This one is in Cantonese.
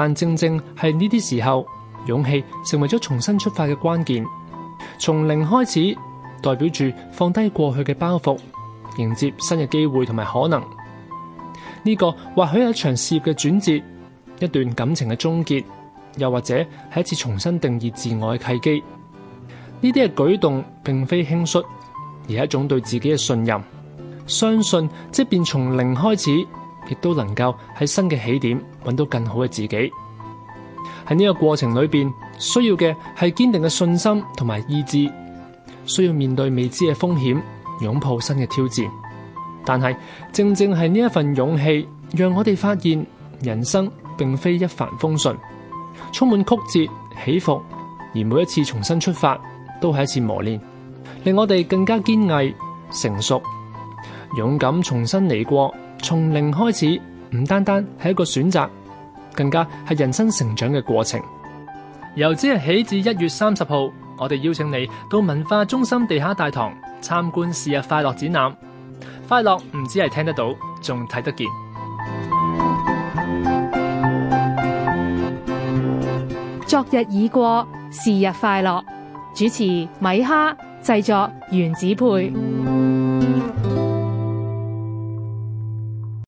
但正正係呢啲時候，勇氣成為咗重新出發嘅關鍵。從零開始，代表住放低過去嘅包袱，迎接新嘅機會同埋可能。呢個或許係一場事業嘅轉折，一段感情嘅終結，又或者係一次重新定義自我嘅契機。呢啲嘅舉動並非輕率，而係一種對自己嘅信任，相信即便從零開始，亦都能夠喺新嘅起點揾到更好嘅自己。喺呢個過程裏邊，需要嘅係堅定嘅信心同埋意志，需要面對未知嘅風險，擁抱新嘅挑戰。但係正正係呢一份勇氣，讓我哋發現人生並非一帆風順，充滿曲折起伏。而每一次重新出發，都係一次磨練，令我哋更加堅毅、成熟、勇敢，重新嚟過。從零開始唔單單係一個選擇，更加係人生成長嘅過程。由即日起至一月三十號，我哋邀請你到文化中心地下大堂參觀是日快樂展覽。快樂唔止係聽得到，仲睇得見。昨日已過，是日快樂。主持米哈，製作原子配。